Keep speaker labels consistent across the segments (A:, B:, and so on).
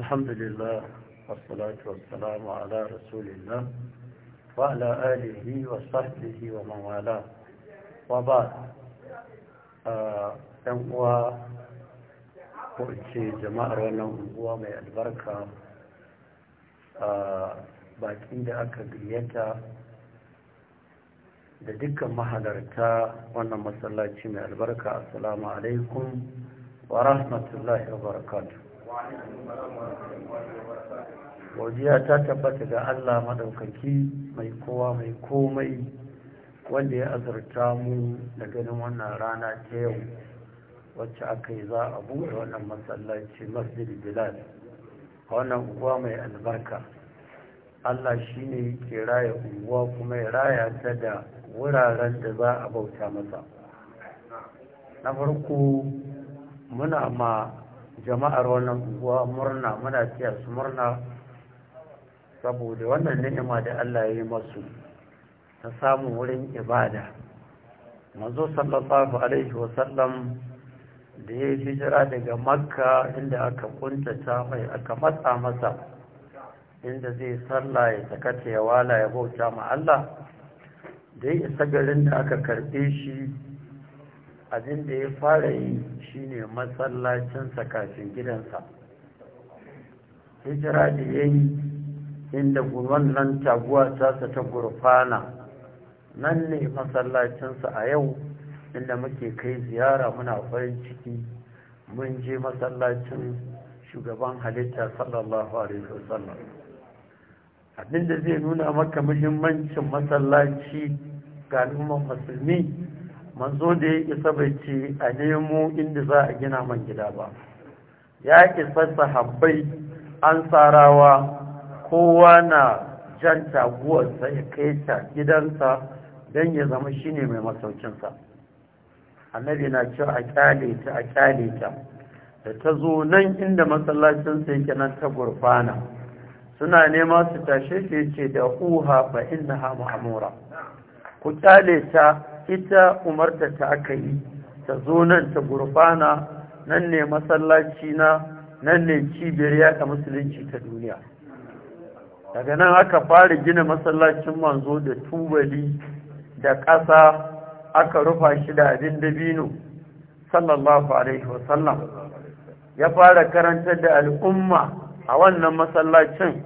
A: الحمد لله ala والسلام على ala الله وعلى آله وصحبه ومن والاه وبعد ɗan uwa ko ce jama'ar wannan unguwa mai albarka a bakin da aka gayyata da dukkan mahalarta wannan masallaci mai albarka assalamu alaikum wa rahmatullahi wa barakatuh godiya ta tabbata ga Allah maɗaukaki mai kowa mai komai wanda ya azurta mu da ganin wannan rana ta yau wacce aka yi za a buɗe wannan masallaci masjid bilal a wannan uwa mai albarka Allah shi ne ke raya unguwa kuma ya raya ta da wuraren da za a bauta masa na farko muna ma jama'ar wannan unguwa murna muna tiyar su murna saboda wannan ni'ima da Allah ya yi masu ta samu wurin ibada manzo sallallahu alaihi sallam da ya yi hijira daga makka inda aka kuntata mai aka matsa masa inda zai sallah ya sakata ya wala ya bauta ma Allah da ya isa garin da aka karbe shi abin da ya fara yi shine masallacinsa kafin gidansa hijira da ya yi inda nan taguwa tasa ta gurfana nan ne masallacinsa a yau inda muke kai ziyara muna farin ciki mun je masallacin shugaban halitta sallallahu alaihi wasallam abinda zai nuna maka muhimmancin masallaci ga al'ummar musulmi manzo da ya isa bai ce a nemo inda za a gina man gida ba ya isa sahabbai an tsarawa kowa na jan taguwarsa ya kai ta gidansa don ya zama shine mai masaukinsa annabi na ce a kyale ta a kyale ta da ta zo nan inda masallacinsa yake nan ta gurfana suna nema su tashe shi ce da uha fa innaha ma'mura ku kyale ta ita umarta ta aka yi ta zo nan ta gurfana nan ne masallaci na nan ne cibiyar yaɗa musulunci ta duniya daga nan aka fara gina masallacin manzo da tubali da ƙasa aka rufa shi da abin dabino sallallahu alaihi wasallam ya fara karantar da al'umma a wannan masallacin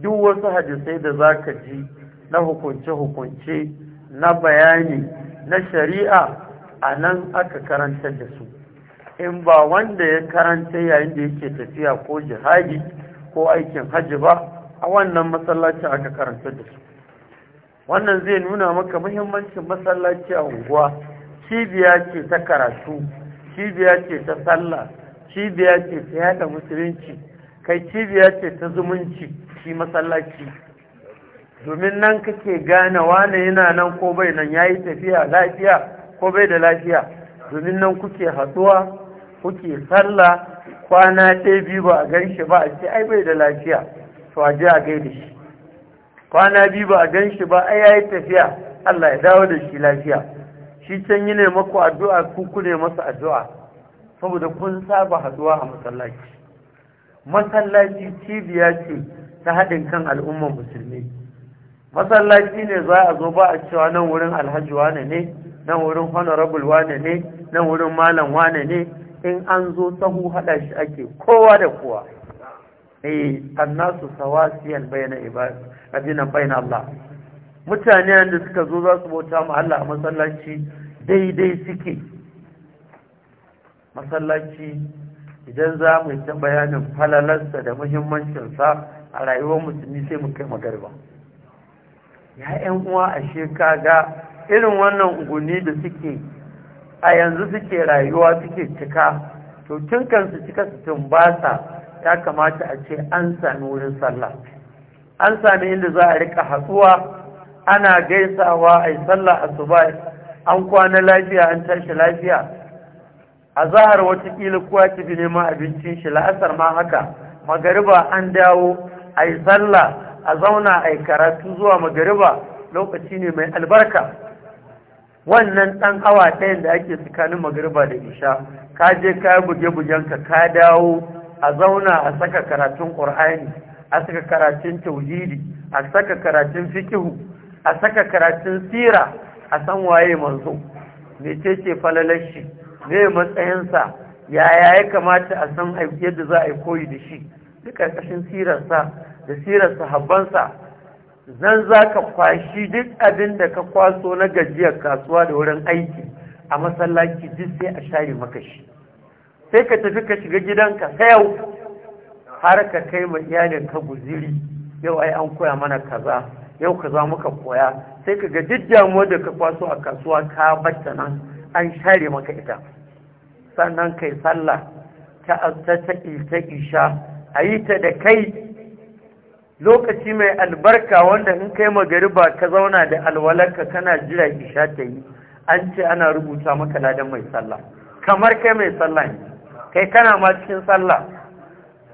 A: duk wasu hadisai da za ka ji na hukunce-hukunce na bayani na shari'a a nan aka karanta da su in ba wanda ya karanta yayin da yake tafiya ko jihadi ko aikin hajji ba a wannan masallaci aka karanta da su wannan zai nuna maka muhimmancin masallaci a unguwa cibiya ce ta karatu cibiya ce ta sallah cibiya ce ta yada musulunci kai cibiya ce ta zumunci shi masallaci domin nan kake gane wane yana nan ko bai nan ya yi tafiya lafiya ko bai da lafiya domin nan kuke haduwa kuke sallah kwana ɗaya biyu ba a gan shi ba a ce ai bai da lafiya to a je a gaida shi kwana biyu ba a gan shi ba ai ya yi tafiya Allah ya dawo da shi lafiya shi can yi ne maku addu'a ku ku ne masa addu'a saboda kun saba haduwa a masallaci masallaci cibiya ce ta haɗin kan al'umman musulmi masallaci ne za a zo ba a cewa nan wurin alhaji wane ne nan wurin honorable wane ne nan wurin malam wane ne in an zo sahu hada shi ake kowa da kowa eh annasu sawasiyan bayna ibad adina bayna Allah mutane da suka zo za su bauta ma Allah a masallaci daidai suke masallaci idan za mu yi ta bayanin falalarsa da muhimmancinsa a rayuwar musulmi sai mu kai magarba ya uwa a shekaga irin wannan unguni da suke a yanzu suke rayuwa suke cika to tun kansu cika su tumbasa ya kamata a ce an sami wurin sallah an sami inda za a rika hatsuwa ana gaisawa a yi sallah asuba an kwana lafiya an tashi lafiya a zahar watakila kuwa ki bi neman abincin shi la'asar ma haka magariba an dawo a yi sallah a zauna a karatu zuwa magariba lokaci ne mai albarka wannan ɗan awa ɗayan da ake tsakanin magariba da isha ka je ka buge-bugenka ka dawo a zauna a saka karatun ƙur'ani a saka karatun tauhidi a saka karatun fikihu a saka karatun sira a san waye manzo ce falalar shi me matsayinsa yaya ya kamata a san yadda za a yi koyi da shi duk ƙarƙashin sirarsa da sirar sahabbansa zan za ka kwashi duk abin da ka kwaso na gajiyar kasuwa da wurin aiki a masallaci duk sai a share maka shi sai ka tafi ka shiga gidanka yau, har ka kai ma ka guziri yau ai an koya mana kaza yau kaza muka koya sai ka ga duk damuwar da ka kwaso a kasuwa ka batta nan an share maka ita sannan kai sallah ta ta ta isha a yi ta da kai lokaci mai albarka wanda in kai magariba ka zauna da alwalarka kana jira isha ta yi an ce ana rubuta maka ladan mai sallah kamar kai mai sallah ne kai kana ma cikin sallah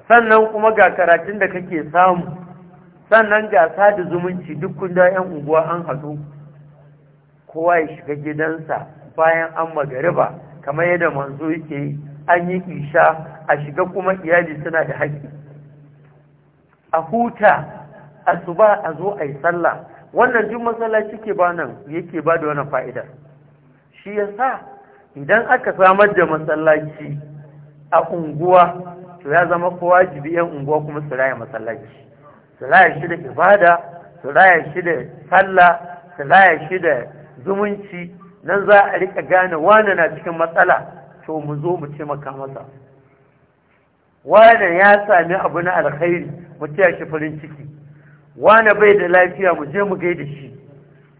A: sannan kuma ga karatun da kake samu sannan ga sada zumunci duk kun da yan unguwa an haɗu kowa ya shiga gidansa bayan an magariba kamar yadda manzo yake an yi isha a shiga kuma iyali suna da haƙƙi a huta asuba a zo a yi sallah wannan duk masallaci ke ba nan yake ba da wannan fa'ida shi ya sa idan aka samar da masallaci a unguwa to ya zama ko wajibi yan unguwa kuma su raya masallaci su raya shi da ibada su raya shi da sallah su raya shi da zumunci nan za a riƙa gane wane na cikin matsala to mu zo mu taimaka masa wane ya sami abu na alkhairi mu taya shi farin ciki wane bai da lafiya mu je mu gaida shi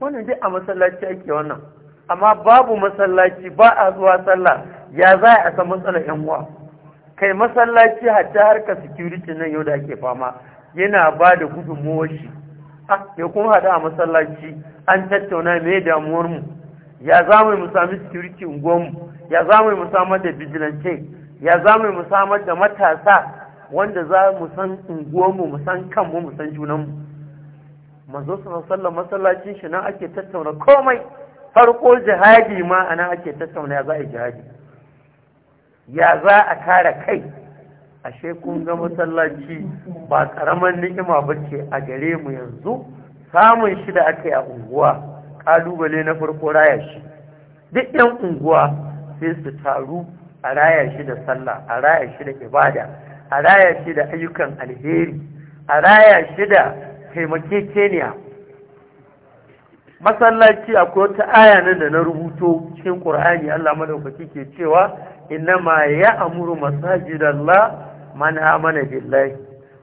A: wannan dai a masallaci ake wannan amma babu masallaci ba a zuwa sallah ya za a san matsalar yan uwa kai masallaci hatta harka security nan yau da ake fama yana ba da gudunmuwar shi ah ya kuma haɗu a masallaci an tattauna me damuwar mu ya za mu sami security unguwar mu ya za mu samar da vigilance ya za mu samar da matasa wanda za mu san unguwarmu mu san kanmu mu san junanmu manzo sallallahu masallacin shi nan ake tattauna komai farko jihadi ma ana ake tattauna ya za a jihadi ya za a kare kai ashe kun ga masallaci ba karaman ni'ima ba ce a gare mu yanzu samun shi da aka yi a unguwa kalubale na farko raya shi duk yan unguwa sai su taru a raya shi da sallah a raya shi da ibada a raya shi da ayyukan alheri a raya shi da taimakekeniya masallaci akwai wata aya nan da na rubuto cikin ƙur'ani Allah madaukaki ke cewa inna ya amuru masajidallah man amana billahi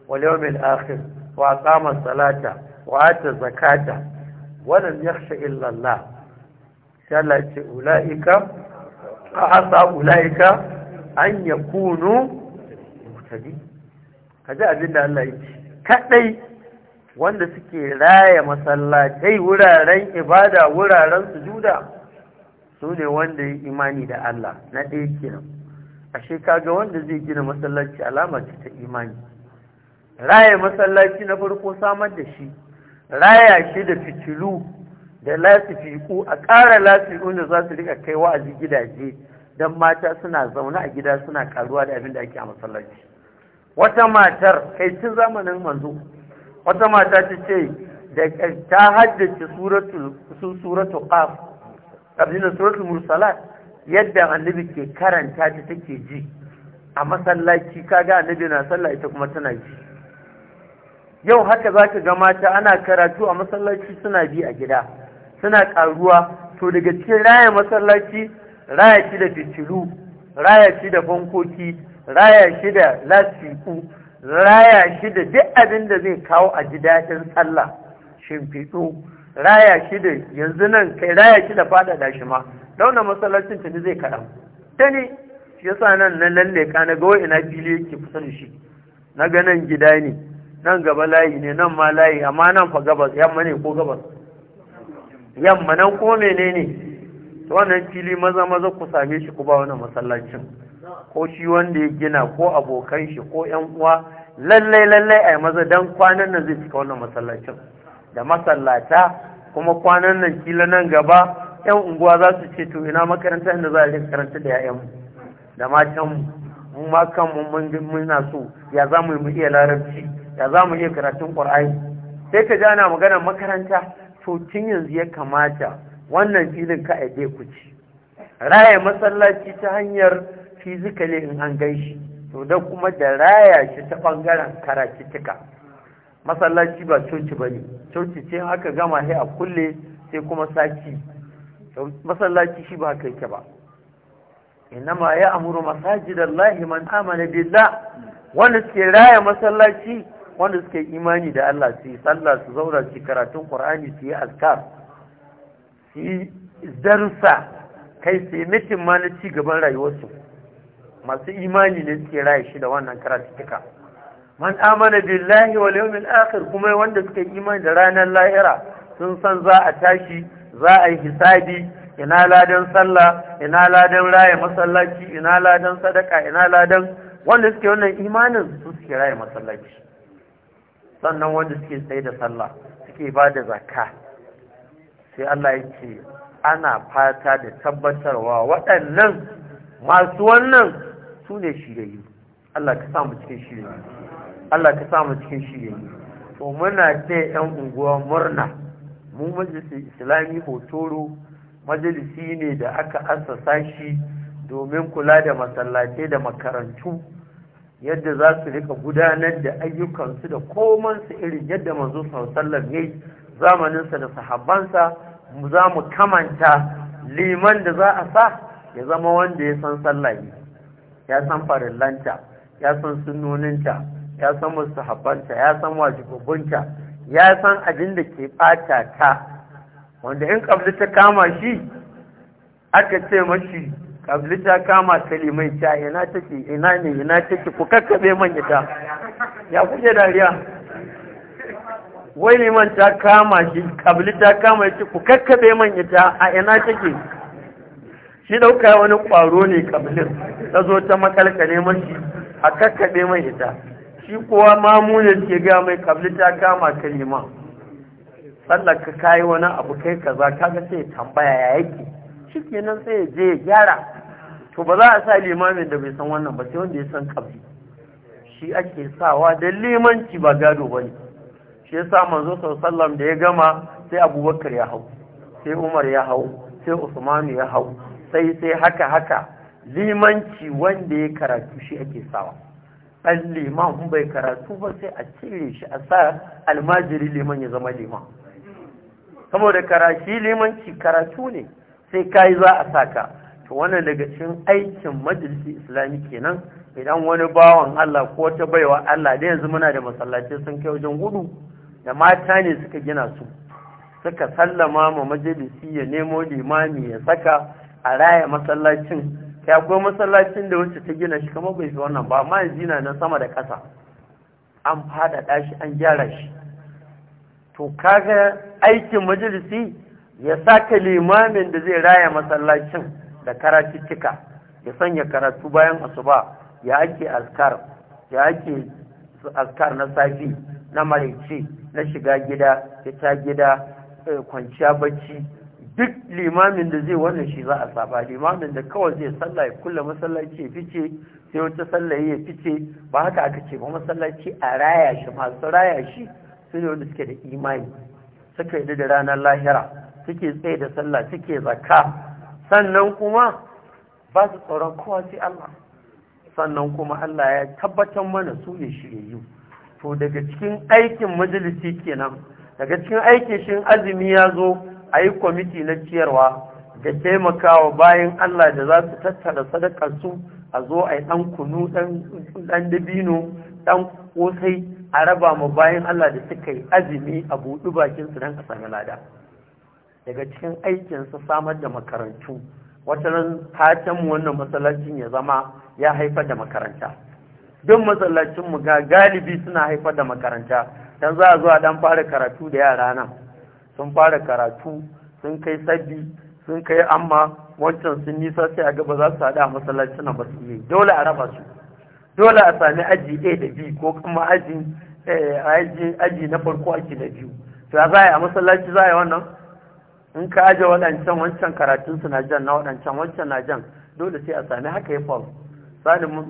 A: wal yawmil akhir wa aqama salata wa ata zakata wa lam yakhsha illa Allah sai ya ce ulaika
B: a asa ulaika
A: an ya kunu mutane ka ji abin da Allah yake kaɗai wanda suke raya masallatai wuraren ibada wuraren sujuda su ne wanda ya imani da Allah na ɗaya kenan ashe ga wanda zai gina masallaci alama ce ta imani raya masallaci na farko samar da shi raya shi da fitilu da lasifiku a ƙara lasifiku da za su rika kai wa'azi gidaje don mata suna zaune a gida suna karuwa da abin da ake a masallaci wata matar kai tun zamanin manzo wata mata ta ce da ta haddace suratu su suratul qaf abinda suratul mursalat yadda annabi ke karanta ta take ji a masallaci kaga annabi na sallah ita kuma tana ji yau haka zaka ga mata ana karatu a masallaci suna bi a gida suna ƙaruwa. to daga cikin raya masallaci raya shi da fitilu raya shi da bankoki raya shi da lasiku raya shi da duk abin da zai kawo a ji daɗin sallah shimfiɗu raya shi da yanzu nan kai raya shi da da shi ma launa masallacin tuni zai kaɗan ta ne shi yasa nan na lalle ka na ga ina fili yake kusa da shi na ga nan gida ne nan gaba layi ne nan ma layi amma nan fa gabas yamma ne ko gabas yamma nan kuma menene wannan fili maza maza ku same shi ku ba wannan masallacin ko shi wanda ya gina ko abokan shi ko yan uwa lallai lallai ai maza dan kwanan nan zai cika wannan masallacin da masallata kuma kwanan nan kila nan gaba yan unguwa za su ce to ina makaranta inda za a yi karanta da yayan mu da matan mu mu ma kan mu mun muna so ya za mu iya larabci ya za mu iya karatun qur'ani sai ka ji ana maganar makaranta to tun yanzu ya kamata wannan filin ka aibe ku ci raya masallaci ta hanyar fizikali in an shi to da kuma da raya shi ta ɓangaren karatittuka masallaci ba coci ba ne coci ce aka gama sai a kulle sai kuma saki masallaci shi ba kai ta ba inama ya amuru masajidallahi man amana billah wanda ke raya masallaci wanda suke imani da Allah su yi sallah su zaura su karatun Qur'ani su yi azkar su yi darussa kai su yi mitin ma na ci gaban rayuwarsu masu imani ne suke raya shi da wannan karatuka man amana billahi wal yawmil akhir kuma wanda suke imani da ranar lahira sun san za a tashi za a yi hisabi ina ladan sallah ina ladan raya masallaci ina ladan sadaka ina ladan wanda suke wannan imanin su suke raya masallaci sannan wanda suke tsaye da sallah suke ba da zakka sai Allah yake ana fata da tabbatarwa waɗannan masu wannan su ne shirayi Allah ka samu cikin shirayi Allah ka samu cikin shirayi to muna ce yan unguwa murna mu majalisi islami hotoro majalisi ne da aka asasa shi domin kula da masallatai da makarantu yadda za su rika gudanar da ayyukansu da komansu irin yadda manzo sallallahu alaihi zamaninsa da sahabbansa za mu kamanta liman da za a sa ya zama wanda ya san sallah ya san farillanta ya san sunnoninta ya san mustahabbanta ya san wajibubunta ya san abin da ke bata ta wanda in kabli ta kama shi aka ce mashi kabli ta kama salimai ta ina take ina ne ina take ku kakkabe man ita ya kuke dariya wai liman ta kama shi kabli ta kama shi ku kakkabe man ita a ina take shi dauka wani kwaro ne kablin ta zo ta makalkale mashi a kakkabe man ita shi kuwa mamunin ke ga mai kabli ta kama ta sallaka sallar ka kayi wani abu kai kaza kaga sai tambaya ya yake shi kenan sai ya je ya gyara to ba za a sa limamin da bai san wannan ba sai wanda ya san kabli shi ake sawa da limanci ba gado ba ne shi ya sa manzo sallam da ya gama sai abubakar ya hau sai umar ya hau sai usmanu ya hau sai sai haka haka limanci wanda ya karatu shi ake sawa ɗan liman in bai karatu ba sai a cire shi a sa almajiri liman ya zama liman saboda karashi limanci karatu ne sai yi za a saka to wannan daga cikin aikin majalisi islami kenan idan wani bawan Allah ko ta baiwa Allah da yanzu muna da masallaci sun kai wajen gudu da mata ne suka gina su suka sallama ma majalisi ya nemo limami ya saka a raya masallacin kai akwai masallacin da wacce ta gina shi kama bai fi wannan ba amma yanzu na sama da ƙasa an faɗaɗa shi an gyara shi to kaga aikin majalisi ya saka limamin da zai raya masallacin da cika ya sanya karatu bayan asuba ya ake azkar ya ake na safi na maraice na shiga gida fita gida eh, kwanciya bacci duk limamin da zai wannan shi za a saba limamin da kawai zai sallah ya masallaci ya fice sai wata sallah ya fice ba haka aka ce ba masallaci a raya shi masu raya shi su ne wanda suke da imani suka yi da ranar lahira suke tsaye da sallah suke zakka sannan kuma ba su tsoron kowa sai Allah sannan kuma Allah ya tabbatar mana su ne shiryayyu to daga cikin aikin majalisi kenan daga cikin aikin shin azumi ya zo a yi kwamiti na ciyarwa da taimakawa bayan Allah da za su tattara sadakarsu a zo a yi ɗan kunu ɗan dabino ɗan ƙosai a raba ma bayan Allah da suka yi azumi a buɗi bakinsu don a sami lada. daga cikin aikinsa samar da makarantu wata ran wannan masallacin ya zama ya haifar da makaranta duk masallacin mu ga galibi suna haifar da makaranta dan za a zuwa don dan fara karatu da yara nan sun fara karatu sun kai sabbi sun kai amma wancan sun nisa sai a gaba za su haɗu a masallacin nan ba su yi dole a raba su dole a sami aji A da B ko kuma aji eh, aji na farko aji na biyu to za a yi a masallaci za a yi wannan in ka aje waɗancan wancan karatun su na jan na waɗancan wancan na jan dole sai a sami haka ya faru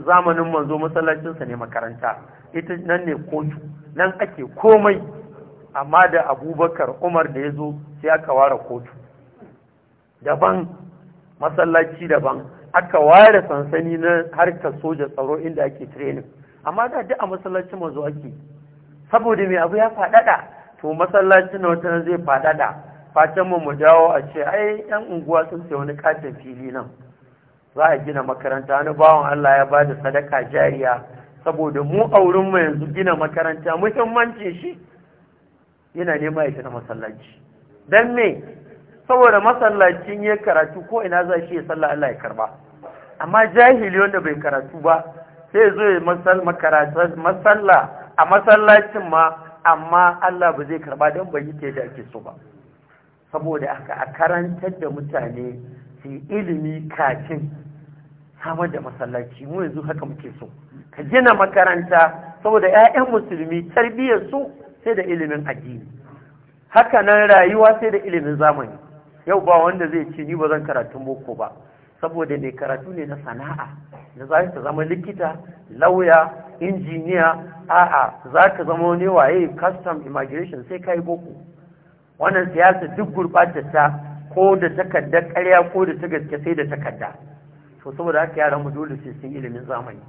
A: zamanin manzo masallacinsa ne makaranta ita nan ne kotu nan ake komai amma da abubakar umar da ya zo sai aka ware kotu daban masallaci daban aka ware sansani na harkar soja tsaro inda ake training amma da duk a masallacin manzo ake saboda mai abu ya faɗaɗa to masallacin na wata zai faɗaɗa fatan mu mu dawo a ce ai yan unguwa sun sai wani katin fili nan za a gina makaranta wani bawan Allah ya bada sadaka jariya saboda mu a wurin mu yanzu gina makaranta muhimmancin shi yana nema ya gina masallaci dan me saboda masallacin ya karatu ko ina za shi ya sallah Allah ya karba amma jahili wanda bai karatu ba sai zo ya masalla a masallacin ma amma Allah ba zai karba don bai yi ta yadda ake so ba saboda aka a karantar da mutane su ilimi kafin samar da masallaci mu yanzu haka muke so ka gina makaranta saboda 'ya'yan musulmi tarbiyyar su sai da ilimin addini haka nan rayuwa sai da ilimin zamani yau ba wanda zai ce ni ba zan karatu boko ba saboda mai karatu ne na sana'a da za ka zama likita lauya injiniya a'a za ka zama wani waye custom immigration sai ka yi boko wannan siyasa duk gurɓatar ta ko da takarda ƙarya ko da ta gaske sai da takarda to saboda haka yaran mu dole sai sun ilimin zamani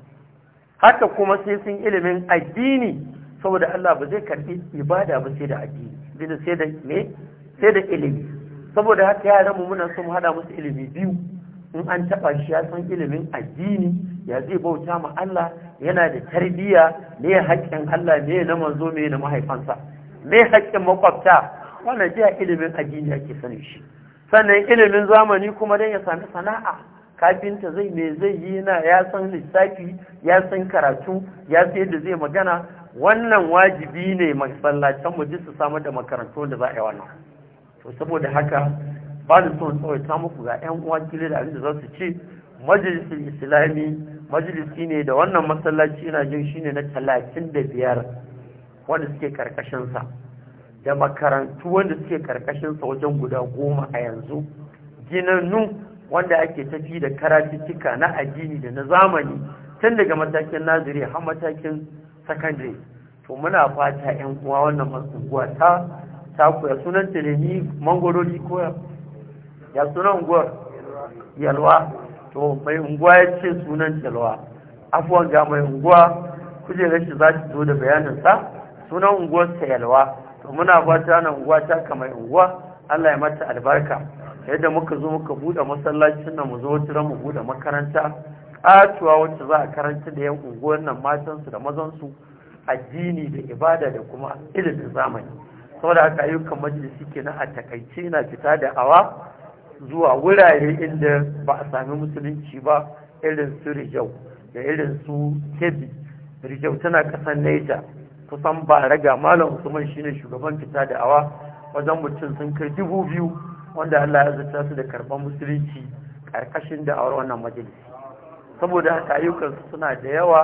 A: haka kuma sai sun ilimin addini saboda Allah ba zai karbi ibada ba sai da addini bin sai da me sai da ilimi saboda haka yaran mu muna son hada musu ilimi biyu in an taba shi ya san ilimin addini ya zai bauta ma Allah yana da tarbiyya ne haƙƙin Allah ne na manzo ne na mahaifansa ne haƙƙin makwabta wannan jiya ilimin addini ake sanin shi sannan ilimin zamani kuma dan ya sami sana'a kafinta zai me zai yi na ya san lissafi ya san karatu ya san yadda zai magana wannan wajibi ne masallacin mu su samar da makarantu da za a yi wannan to saboda haka ba da son ta muku ga 'yan uwa kile da abinda za su ce majalisin islami majalisi ne da wannan masallaci ina jin ne na talatin da biyar wanda suke karkashinsa da makarantu wanda suke karkashinsa wajen guda goma a yanzu ginannu wanda ake tafi da karatuttuka na addini da na zamani tun daga matakin naziri har matakin secondary to muna fata 'yan uwa wannan unguwa ta ta koya sunan telemi mangorori koya ya sunan unguwar yalwa to mai unguwa ya ce sunan yalwa afuwan ga mai unguwa kujerar shi za zo da bayaninsa sunan unguwarsa yalwa to muna fata nan unguwa ta kamar unguwa Allah ya mata albarka yadda muka zo muka bude masallacin nan mu zo tura mu bude makaranta katuwa wacce za a karanta da yan unguwar nan matan su da mazan su addini da ibada da kuma ilimin zamani saboda haka ayyukan majalisi na a takaice na fita da awa zuwa wurare inda ba a sami musulunci ba irin su rijau da irin su kebi rijau tana kasan naija kusan ba raga malam usman shine shugaban fita da awa wajen mutum sun kai dubu biyu wanda Allah ya zata su da karban musulunci karkashin da awar wannan majalisi saboda haka ayyukan suna da yawa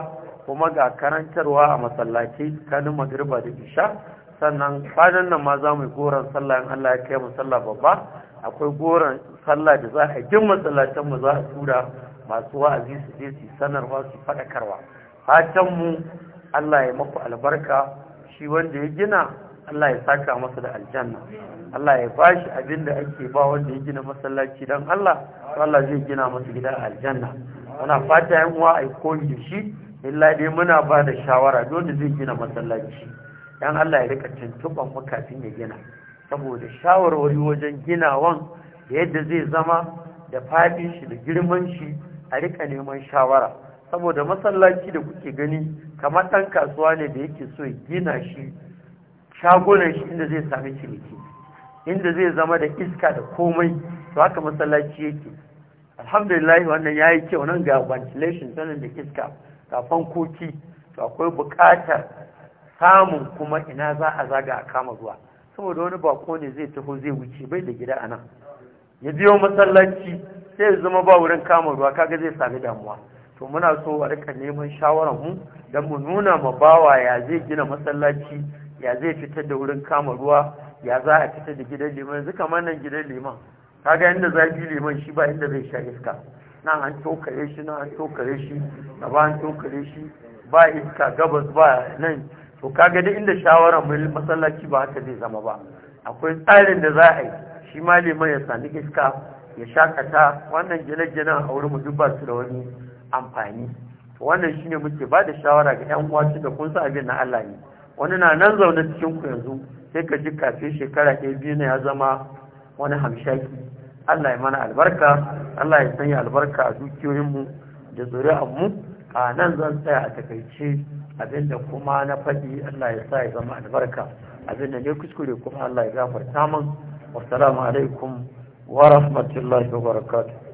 A: kuma ga karantarwa a masallaci tsakanin magriba da isha sannan kwanan nan ma za mu yi goron sallah in Allah ya kai mu sallah babba akwai goron sallah da za a gin masallacin mu za a tura masu wa'azi su je su sanarwa su faɗakarwa fatan mu Allah ya maku albarka shi wanda ya gina Allah ya saka masa da aljanna Allah ya bashi abin da ake ba wanda ya gina masallaci dan Allah to Allah zai gina masa gidan aljanna muna fata yan uwa ai koyi da shi illa dai muna ba da shawara dole zai gina masallaci dan Allah ya rika tuntuban mukafin ya gina saboda shawarwari wajen ginawan da yadda zai zama da fadin shi da girman shi a rika neman shawara saboda masallaci da kuke gani kamar ɗan kasuwa ne da yake so gina shi shagunan shi inda zai sami ciniki inda zai zama da iska da komai to haka masallaci yake alhamdulillah wannan ya yi kyau nan ga ventilation sanin da iska ga fankoki to akwai buƙatar samun kuma ina za a zaga a kama zuwa saboda wani bako ne zai taho zai wuce bai da gida a nan ya biyo masallaci sai ya zama ba wurin kama ruwa kaga zai sami damuwa to muna so a rika neman shawarar mu don mu nuna ma bawa ya zai gina masallaci ya zai fitar da wurin kama ruwa ya za a fitar da gidan liman yanzu kamar nan gidan liman ga inda zafi liman shi ba inda zai sha iska nan an tokare shi nan an tokare shi ba an tokare shi ba iska gabas ba nan to ga duk inda shawarar mu masallaci ba haka zai zama ba akwai tsarin da za a yi shi ma liman ya sami iska ya shakata wannan gine-ginen a wurin mu duk ba su da wani amfani wannan shine muke ba da shawara ga yan uwa da kun sa abin na Allah ne wani na nan zaune cikin ku yanzu sai ka ji kafe shekara ɗaya biyu ne ya zama wani hamshaki Allah ya mana albarka Allah ya sanya albarka a dukiyoyinmu da zuri'anmu a nan zan tsaya a takaice abinda kuma na faɗi Allah ya sa ya zama albarka abinda ne kuskure kuma Allah ya gafarta min wassalamu alaikum wa rahmatullahi wa barakatuh